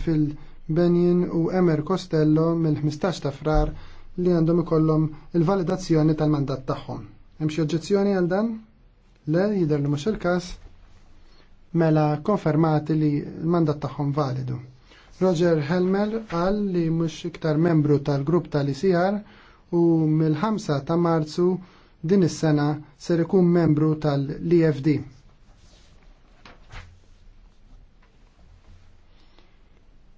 fil Benjen u Emer Costello mill-15 ta' frar li għandhom ikollhom il-validazzjoni tal-mandat tagħhom. Hemm xi oġġezzjoni għal dan? Le jidher li mhux il-każ. Mela konfermati li l-mandat tagħhom validu. Roger Helmer qal li mhux iktar membru tal-grupp tal-ICR u mill-5 ta' Marzu din is-sena ser ikun membru tal-EFD.